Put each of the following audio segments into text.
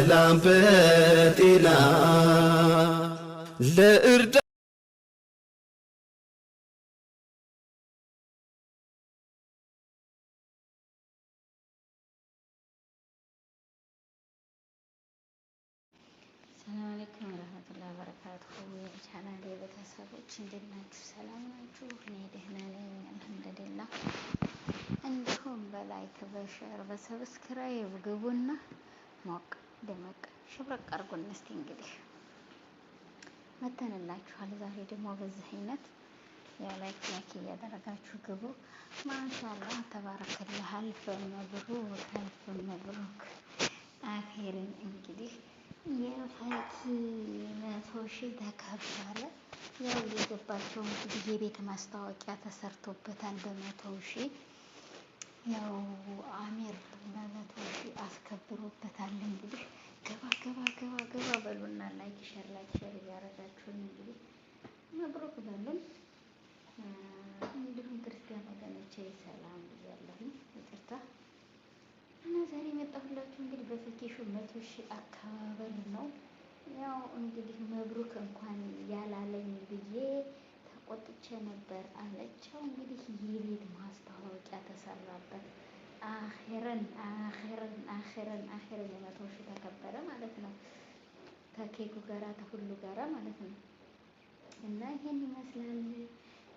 በሰላም በጤና ለእርዳ ሰላም አለይኩም ወራህመቱላሂ ወበረካቱ። የቻናሌ ቤተሰቦች እንዴት ናችሁ? ሰላም ናችሁ? እኔ ደህና ነኝ አልሐምዱሊላህ። እንዲሁም በላይክ በሸር በሰብስክራይብ ግቡና ሞቅ ደመቅ ሽብረቅ አርጎ እስቲ እንግዲህ መተንላችኋል። ዛሬ ደግሞ በዚህ አይነት ያው ላይክ ላይክ እያደረጋችሁ ግቡ። ማሻላ ተባረከላህ። አልፍ መብሩክ፣ አልፍ መብሩክ። አፌርን እንግዲህ የፈኪ መቶ ሺ ተከበረ። ያው እየገባቸው እንግዲህ የቤት ማስታወቂያ ተሰርቶበታል በመቶ ሺ ያው አሚር በመቶ ሺ አስከብሮበታል እንግዲህ ላይክ ሸር ላይክ ሸር እያደረጋችሁን እንግዲህ መብሩክ በለን። እንዲሁም ክርስቲያን ወገኖቼ ሰላም ብያለሁ፣ ይቅርታ እና ዛሬ የመጣሁላችሁ እንግዲህ በፊኬሹ መቶ ሺህ አካባቢ ነው። ያው እንግዲህ መብሩክ እንኳን ያላለኝ ብዬ ተቆጥቼ ነበር አለች። እንግዲህ የቤት ማስታወቂያ ተሰራበት። አኸረን አኸረን አኸረን አኸረን የመቶ ሺህ ተከበረ ማለት ነው። ከኬኩ ጋራ ከሁሉ ጋራ ማለት ነው። እና ይሄን ይመስላል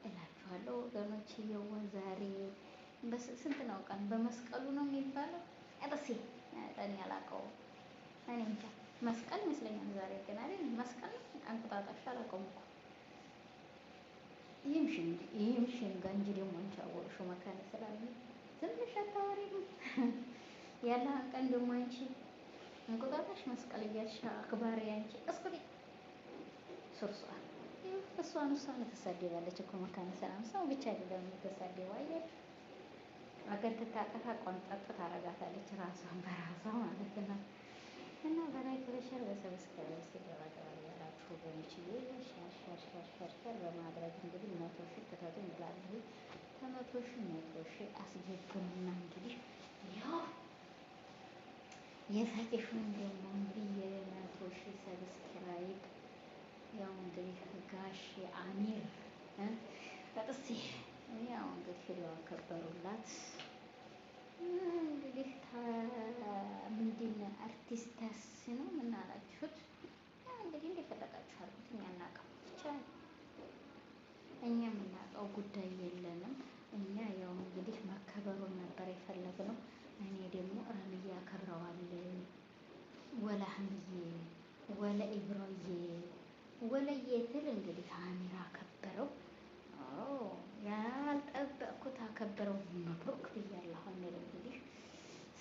እላችኋለሁ ወገኖች። የዋ ዛሬ ስንት ነው ቀን? በመስቀሉ ነው የሚባለው። እርሴ እኔ አላውቀውም፣ እኔ እንጃ መስቀል ይመስለኛል ዛሬ ግን አይደል? መስቀል አንቁጣጣሽ አላውቀውም እኮ ይህም ሽንግ ይህም ሽንጋ እንጂ ደግሞ አንቺ አወቅሽው መካነ ስላለ ዝም ብለሽ አታወሪም። ያለህን ቀን ደግሞ አንቺ እንቁጣጣሽ መስቀል እያልሽ አክባሪ አንቺ እስኩቲ ሱርሷ እሷን እሷን ተሳደባለች እኮ መካነ ሰላም ሰው ብቻ አይደለም የምትሳደበው አያችሁ አገር ትታጠፋ ቆንጠጥ ታረጋታለች ራሷን በራሷ ማለት ነው እና በላይ ክለሸር በሰብስክራይብ ሲደረገው ያላችሁ በሚችሉ ሸር በማድረግ እንግዲህ መቶ ሺህ ክተቱ ይላሉ ከመቶ ሺህ መቶ ሺህ አስገብሩና እንግዲህ ያው የሳቂሽውን ደግሞ እንግዲህ የመቶ ሰብስክራይብ ያው እንግዲህ ጋሽ አሚር በጥሴ ያው እንግዲህ ሄደው አከበሩላት። እንግዲህ ምንድን አርቲስተስ ነው ምናላችሁት? እንግዲህ እንደፈለጋችሁ እኛ ብቻ እኛ የምናውቀው ጉዳይ የለንም። እኛ ያው እንግዲህ መከበሩን ነበር የፈለግነው። እኔ ደግሞ እህ ብዬ አከብረዋለሁ። ወላ ሀምዬ ወለ ኢብሮዬ ወለዬ ትል እንግዲህ አሚራ አከበረው። ያልጠበቅኩት አከበረው መብሩክ ብያለሁ። አሚር እንግዲህ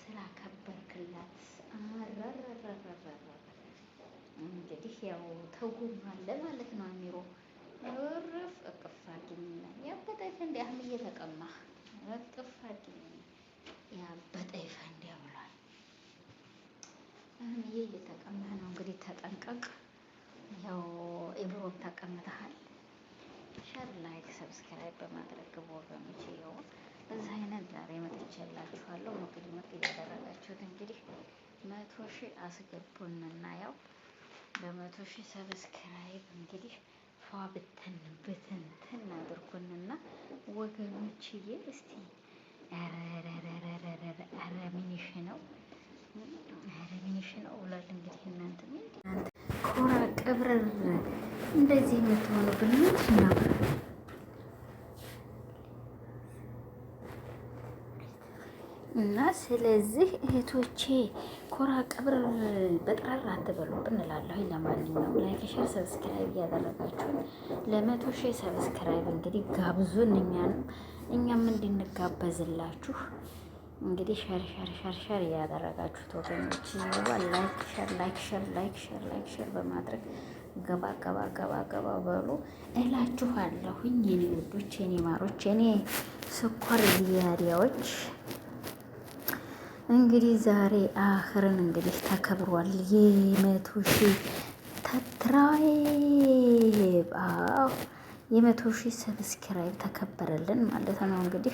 ስላከበርክላት አረረረረረ እንግዲህ ያው ተጉማለ ማለት ነው። አሚሮ እርፍ እቅፍ አድርጊኝ ያበጠሽ እንደ አህምዬ ተቀማህ እቅፍ አድርጊኝ ያበጠ ይፈንዳ ብሏል። አሁንዬ እየተቀመጠ ነው እንግዲህ ተጠንቀቅ። ያው ኢብሮም ተቀምጠሃል። ሸር ላይክ ሰብስክራይብ በማድረግ ግቡ ወገኖች። ይኸው እዚህ አይነት ዛሬ መጥቼላችኋለሁ። ሞቅድ ሞቅ እያደረጋችሁት እንግዲህ መቶ ሺህ አስገቡንና ያው በመቶ ሺህ ሰብስክራይብ እንግዲህ ፏ ብትን ብትንትን አድርጉንና ወገኖችዬ እስቲ ኧረ ሚኒሽ ነው፣ ኧረ ሚኒሽ ነው ኧረ ነው እንግዲህ እናንተ ኮራ ቅብርር እንደዚህ የምትሆኑ ብልት ነው እና ስለዚህ እህቶቼ ኮራ ቀብር በጥራር አትበሉ ብንላለሁ። ለማንኛውም ላይክ፣ ሼር፣ ሰብስክራይብ እያደረጋችሁን ለመቶ ሺህ ሰብስክራይብ እንግዲህ ጋብዙን እኛንም እኛም እንድንጋበዝላችሁ እንግዲህ ሸር ሸር ሸር ሸር ያደረጋችሁት ወገኖች ላይክ ሸር ላይክ ሸር ላይክ ሸር ላይክ ሸር በማድረግ ገባ ገባ ገባ ገባ በሉ እላችኋለሁኝ የኔ ውዶች፣ የኔ ማሮች፣ የኔ ስኳር ዲያዲያዎች እንግዲህ ዛሬ አኽርን እንግዲህ ተከብሯል። የመቶ ሺህ ተትራይብ የመቶ ሺህ ሰብስክራይብ ተከበረልን ማለት ነው። እንግዲህ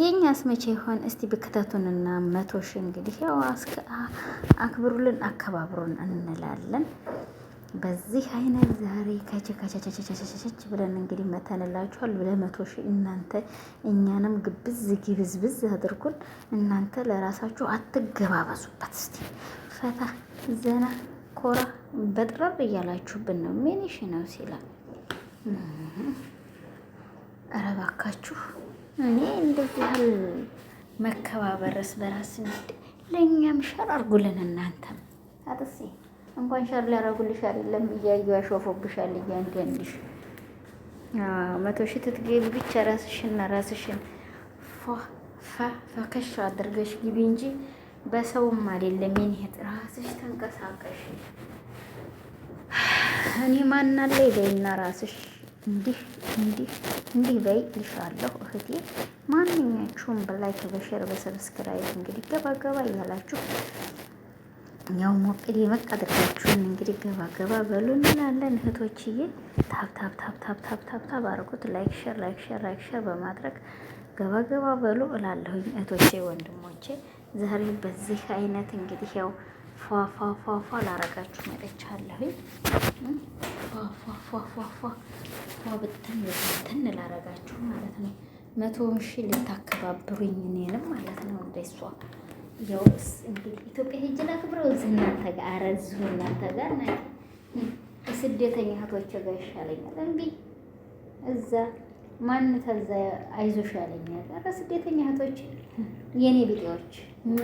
የእኛስ መቼ ይሆን እስቲ ብክተቱንና መቶ ሺህ እንግዲህ ያው አክብሩልን አከባብሩን እንላለን። በዚህ አይነት ዛሬ ከቸቸቸቸቸቸች ብለን እንግዲህ መተንላችኋል። ለመቶ ሺህ እናንተ እኛንም ግብዝ ግብዝብዝ አድርጉን። እናንተ ለራሳችሁ አትገባበሱበት። እስቲ ፈታ ዘና ኮራ በጥረብ እያላችሁብን ነው ሜንሽ ነው ሲላል ኧረ እባካችሁ እኔ እንደዚህ ያህል መከባበርስ በራስ ንድ ለእኛም ሸር አርጉልን። እናንተም አጥሴ እንኳን ሸር ሊያረጉልሽ አይደለም እያዩ ያሾፉብሻል። እያንዳንድሽ መቶ ሺህ ትትገቢ ብቻ ራስሽና ራስሽን ፈከሽ አድርገሽ ግቢ እንጂ በሰውም አይደለም የኔት ራስሽ ተንቀሳቀሽ። እኔ ማናለ ይበይና ራስሽ እንዲህ እንዲህ እንዲህ በይ ልሻለሁ እህቴ። ማንኛችሁም በላይክ በሸር በሰብስክራይብ እንግዲህ ገባገባ እያላችሁ ያው ሞቅ የመቅ አድርጋችሁን እንግዲህ ገባገባ በሉ እንላለን እህቶችዬ። ታብ ታብ ታብ አድርጉት። ላይክ ሸር ላይክ ሸር ላይክ ሸር በማድረግ ገባገባ በሉ እላለሁኝ እህቶቼ ወንድሞቼ። ዛሬ በዚህ አይነት እንግዲህ ያው ፏፏፏፏ ላረጋችሁ መጥቻለሁኝ። ፏፏፏፏፏ ብትን ብትን ላረጋችሁ ማለት ነው። መቶውን ሺህ ልታከባብሩኝ እኔንም ማለት ነው። እንደሷ ያውስ እንግዲህ ኢትዮጵያ ላክብረው እዚህ እናንተ ጋር እናንተ ጋር ና እህቶቼ ጋር ይሻለኛል። እዛ ማን ተዛ አይዞሽ ያለኛል። ኧረ ስደተኛ የእኔ ቢጤዎች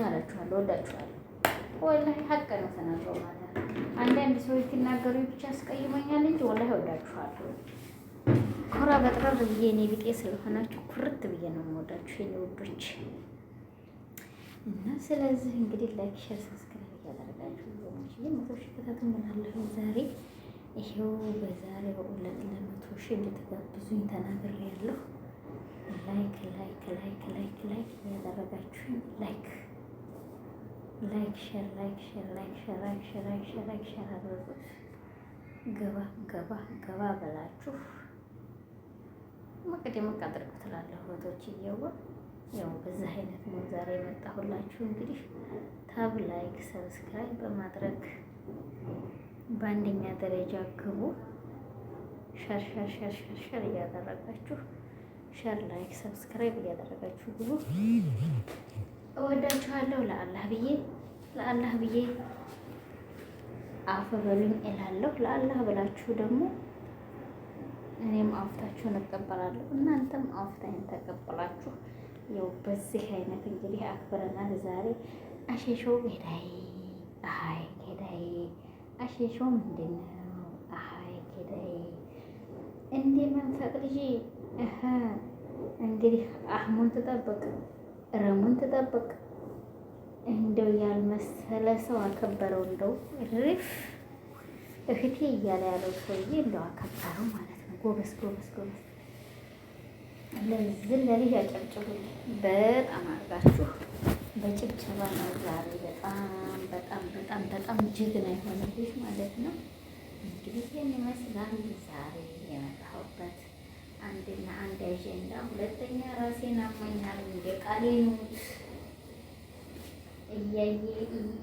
አላችኋለሁ፣ ወዳችኋለሁ ወላሂ ሀቅ ነው ተናግረው ማለት ነው። አንዳንድ ሰዎች ሲናገሩ ብቻ አስቀይመኛል እንጂ ወላሂ እወዳችኋለሁ። ኮራ በጥራር ብዬ እኔ ቢጤ ስለሆናችሁ ኩርት ብዬ ነው የምወዳችሁ የኔ ውዶች። እና ስለዚህ እንግዲህ ላይክ፣ ሼር፣ ሰብስክራይብ እያደረጋችሁ ዜናችን መቶ ሺ ተከታተሉ ምናለሁ። ዛሬ ይሄው በዛሬ በሁለት ለመቶ ሺ እንድትጋብዙኝ ተናግሬ ላይክ ላይክ ላይክ ላይክ ላይክ እያደረጋችሁኝ ላይክ ላይክ ሼር ላይክ ሼር ላይክ ሼር ላይክ ሼር ላይክ ሼር ላይክ ሼር አድርጉት። ገባ ገባ ገባ ብላችሁ መቅድ መቅ አድርጉ ትላለሁ። ወቶች እየወ ያው በዛ አይነት ነው ዛሬ የመጣሁላችሁ። እንግዲህ ታብ ላይክ ሰብስክራይብ በማድረግ በአንደኛ ደረጃ ግቡ። ሸር ሸር ሸር ሸር ሸር እያደረጋችሁ ሸር ላይክ ሰብስክራይብ እያደረጋችሁ ግቡ። እወዳችኋለሁ። ለአላህ ብዬ ለአላህ ብዬ አፈ በሉኝ እላለሁ። ለአላህ ብላችሁ ደግሞ እኔም አፍታችሁን እቀበላለሁ፣ እናንተም አፍታይን ተቀበላችሁ። ያው በዚህ አይነት እንግዲህ አክብረናል ዛሬ። አሸሾ ገዳይ አሀይ ገዳይ አሸሾ ምንድን ነው? አሀይ ገዳይ እንዴ መንፈቅ ልጅ እንግዲህ አህሙን ትጠብቅ ረሙን ትጠብቅ። እንደው ያልመሰለ ሰው አከበረው። እንደው ሪፍ እህቴ እያለ ያለው ሰውዬ እንደው አከበረው ማለት ነው። ጎበስ ጎበስ ጎበስ። ለዚህ ለልጅ ያጨብጭቡልኝ በጣም አድርጋችሁ በጭብጨባ ነው ዛሬ በጣም በጣም በጣም በጣም ጀግና የሆነ ልጅ ማለት ነው። እንግዲህ ይህን ይመስላል ዛሬ የመጣሁበት አንድና አንድ አጀንዳ፣ ሁለተኛ ራሴን አሞኛል እንደ ቃሌ ነው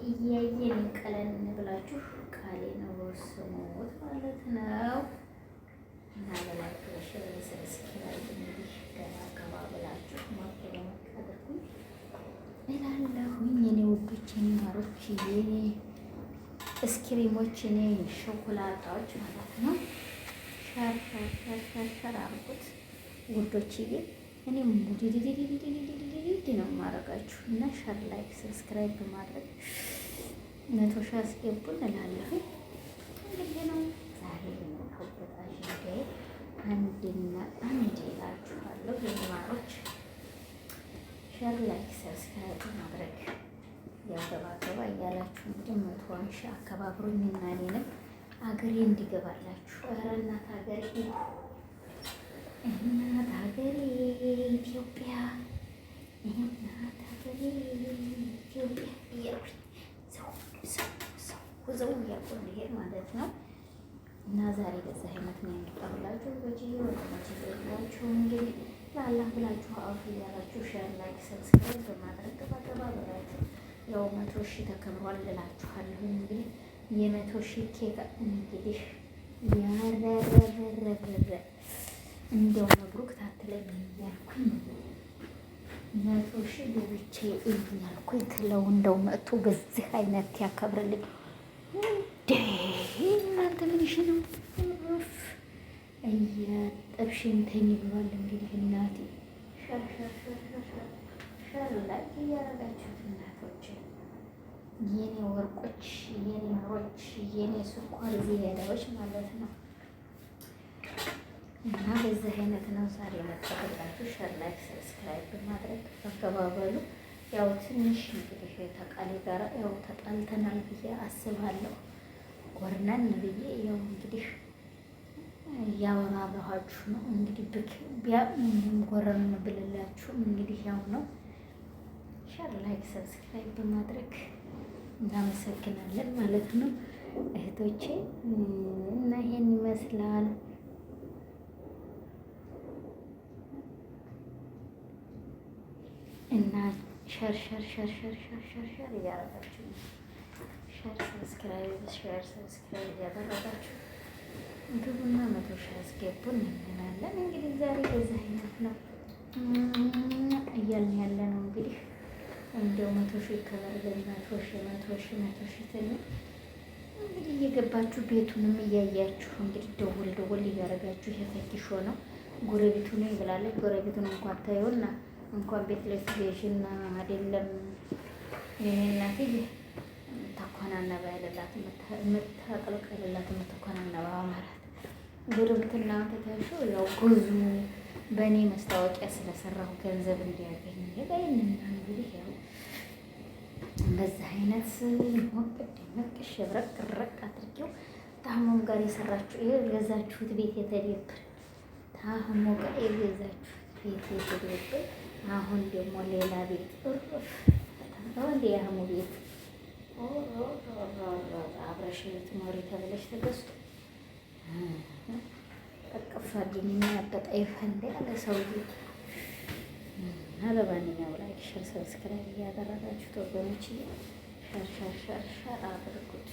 እያየን ቀለን ብላችሁ ቃሌ ነው ስሙት ማለት ነው እና በላችሁ ሽር እንግዲህ ገና ገባ ብላችሁ ማቶ ለመታደርጉኝ እላለሁኝ የኔ ውዶች፣ የኔ ማሮች፣ የኔ እስክሪሞች፣ የኔ ሾኮላጣዎች ማለት ነው። ሸርሸርሸርሸር አርጉት ጉዶችዬ። እኔ ሙዲዲዲዲዲዲዲዲ ነው የማደርጋችሁ እና ሸር፣ ላይክ፣ ሰብስክራይብ ማድረግ መቶ ሺህ አስገቡን እላለሁ። እንግዲህ ነው ዛሬ አጀንዳ አንድና አንድ ይላችኋለሁ። የማሮች ሸር፣ ላይክ፣ ሰብስክራይብ ያገባገባ እያላችሁ እንግዲህ መቶ አንሺ አከባብሩኝ እና እኔንም አገሬ እንዲገባላችሁ። ኧረ እናት ሀገሬ እናት ሀገሬ ኢትዮጵያ እናት ሀገሬ ኢትዮጵያ እያልኩኝ ሰው ሰው ሰው ሰው እያልኩ እንዲሄድ ማለት ነው። እና ዛሬ በዛ አይነት ነው የሚቀርብላችሁ። በጂዮ ወደማችሁላችሁ እንግዲህ ላላህ ብላችሁ አፍ እያላችሁ ሼር፣ ላይክ፣ ሰብስክራይብ በማድረግ ገባ ገባ ብላችሁ ያው መቶ ሺህ ተከብሯል እላችኋለሁ እንግዲህ የመቶ ሺህ ኬክ እንግዲህ ያረረረረረ እንደው መብሩክ ታትለኝ እያልኩኝ መቶ ሺህ ብቻ እያልኩኝ ትለው እንደው መጥቶ በዚህ አይነት ያከብርልኝ። እናንተ ምንሽ ነው እያጠብሽን ተኝ ብሏል። እንግዲህ እናቴ ሸርሸርሸርሸር ላይ እያረጋችሁት እናቶችን የኔ ወርቆች፣ የኔ ምሮች፣ የኔ ስኳር ዚያዳዎች ማለት ነው። እና በዚህ አይነት ነው ዛሬ መጣሁላችሁ። ሸር፣ ላይክ፣ ሰብስክራይብ በማድረግ ተከባበሉ። ያው ትንሽ እንግዲህ ተቃሌ ጋር ያው ተጣልተናል ብዬ አስባለሁ። ጎርነን ብዬ ያው እንግዲህ ያወራባኋችሁ ነው እንግዲህ ብክ ጎረን ብልላችሁም እንግዲህ ያው ነው። ሸር ላይክ ሰብስክራይብ በማድረግ እናመሰግናለን ማለት ነው እህቶቼ። እና ይሄን ይመስላል እና ሸር ሸር ሸር ሸር ሸር ሸር ሸር እያደረጋችሁ ሸር ሰብስክራይብ ሸር ሰብስክራይብ እያደረጋችሁ ግቡና መቶ ሺህ አስገቡን እንላለን። እንግዲህ ዛሬ በዚህ አይነት ነው እያልን ያለ ነው እንግዲህ እንደው መቶ ሺህ ይከበርልኝ መቶ ሺህ መቶ ሺህ መቶ ሺህ ትንሽ እንግዲህ እየገባችሁ ቤቱንም እያያችሁ እንግዲህ ደወል ደወል እያደረጋችሁ የፈትሾ ነው። ጎረቤቱ ነኝ ይብላለች። ጎረቤቱን እንኳን ታየውና እንኳን ቤት ላይ ስቤሽና አይደለም ይሄ እናትዬ የምታኮናነባ ያለላት የምታቀልቀልላት የምታኮናነባ ማለት ጎረቤትና ተታሹ ያው ጉዙ በእኔ መስታወቂያ ስለሰራሁ ገንዘብ እንዲያገኝ ይሄ ላይ እንግዲህ ያው በዛ አይነት ሞቅድ ነቅሽ ረቅ ረቅ አድርጌው ታህሞም ጋር የሰራችሁ የገዛችሁት ቤት የተደብር ታህሞ ጋር የገዛችሁት ቤት የተደብር። አሁን ደግሞ ሌላ ቤት ወንድ የአህሙ ቤት አብረሽ ትኖሪ ተብለሽ ተገዝቶ ቀቅፋ ድኛ ያበጣ ይፈንዳ ያለ ሰው እና ለማንኛውም ላይክ፣ ሸር፣ ሰብስክራይብ እያደረጋችሁ ተወገኖች ሸር ሸር ሸር ሸር አድርጉት።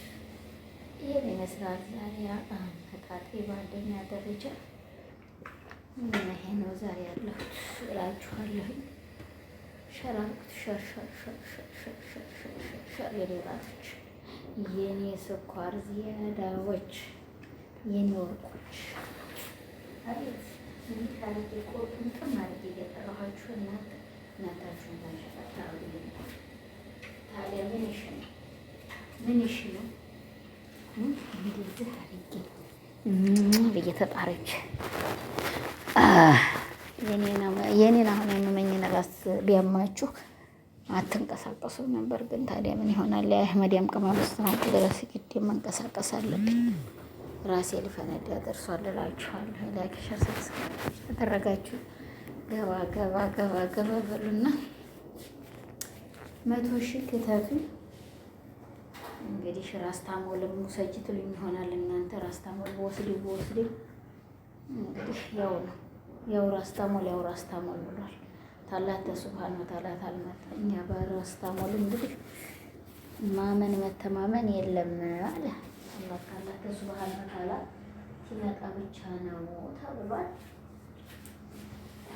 ይህን ይመስላል ዛሬ አመጣጤ በአንደኛ ደረጃ ይሄ ነው ዛሬ ያለሁት እላችኋለሁ። ሸር አድርጉት። ሸር ሸር ሸር ሸር ሸር ሸር ሸር ሸር የኔ ስኳር ዝያዳዎች የኔ ወርቆች አቤት እንዲህ አድርጌ ቁርጡን አድርጌ እየጠራኋችሁ እናንተ እናታችሁ ታሸፈታሉ። ታዲያ ምን ይሽ ነው? ምን ይሽ ነው? እንደዚህ አድርጌ ብዬ ተጣረች። የኔን አሁን ራስ ቢያማችሁ አትንቀሳቀሱ ነበር። ግን ታዲያ ምን ይሆናል? የአህመዲያም ቅማል ስትናቅ ድረስ ግድ መንቀሳቀስ አለብኝ። ራሴ ደርሷል እላችኋለሁ። ላይክ ሸር ሰብስክራይብ ያደረጋችሁ ገባ ገባ ገባ ገባ በሉና መቶ ሺህ ክተቱ። እንግዲህ ራስታሞልም ውሰጂ ትሉኝ ይሆናል እናንተ። ራስታሞል በወስድ በወስድ እንግዲህ ያው ነው ያው ራስታሞል ያው ራስታሞል ብሏል። ታላት ተሱብሃን ታላት አልመጣ እኛ በራስታሞል እንግዲህ ማመን መተማመን የለም አለ አላህ ታላት ተሱብሃን ታላት ሲመጣ ብቻ ነው ተብሏል።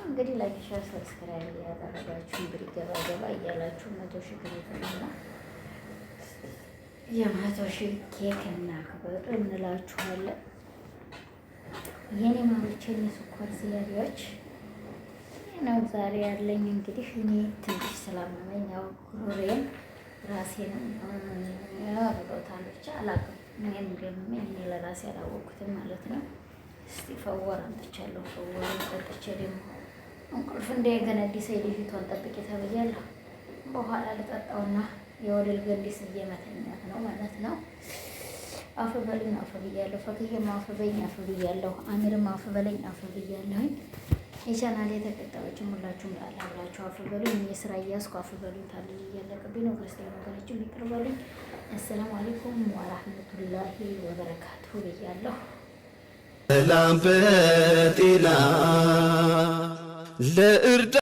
እንግዲህ ላይክ፣ ሼር፣ ሰብስክራይብ እያደረጋችሁ እንግዲህ ገባ ገባ እያላችሁ መቶ ሺህ ግሬትና የመቶ ሺህ ኬክ እናክብር እንላችኋለን። የኔ ማሮች፣ የኔ ዝያቢዎች ነው ዛሬ ያለኝ እንግዲህ እኔ ትንሽ ስላመመኝ ያው ጉሮሬን ራሴን ያበሎታል ብቻ አላውቅም። እኔ እንደምመኝ እኔ ለራሴ አላወቅኩትም ማለት ነው። እስቲ ፈወር አምጥቻለሁ። ፈወር ጠጥቼ ደግሞ እንቁልፍ እንዳይገነዲሰኝ ልጅቷን ጠብቄ ተብያለሁ። በኋላ ልጠጣውና የወለል ገንዲስ እየመተኛት ነው ማለት ነው። አፍ በልኝ አፍ ብያለሁ። ፈክዬም አፍ በኝ አፍ ብያለሁ። አሚርም አፍ በለኝ አፍ ብያለሁኝ። የቻናል የተቀጣዮችም ሁላችሁም ላላ ብላችሁ አፍ በሉኝ። የስራ እያስኩ አፍ በሉኝ። ታል እያለቅብኝ ነው። ክርስቲያን ወገኖችም ይቅር በሉኝ። አሰላሙ አለይኩም ወራህመቱላሂ ወበረካቱ ብያለሁ። ሰላም በጤና ለእርዳ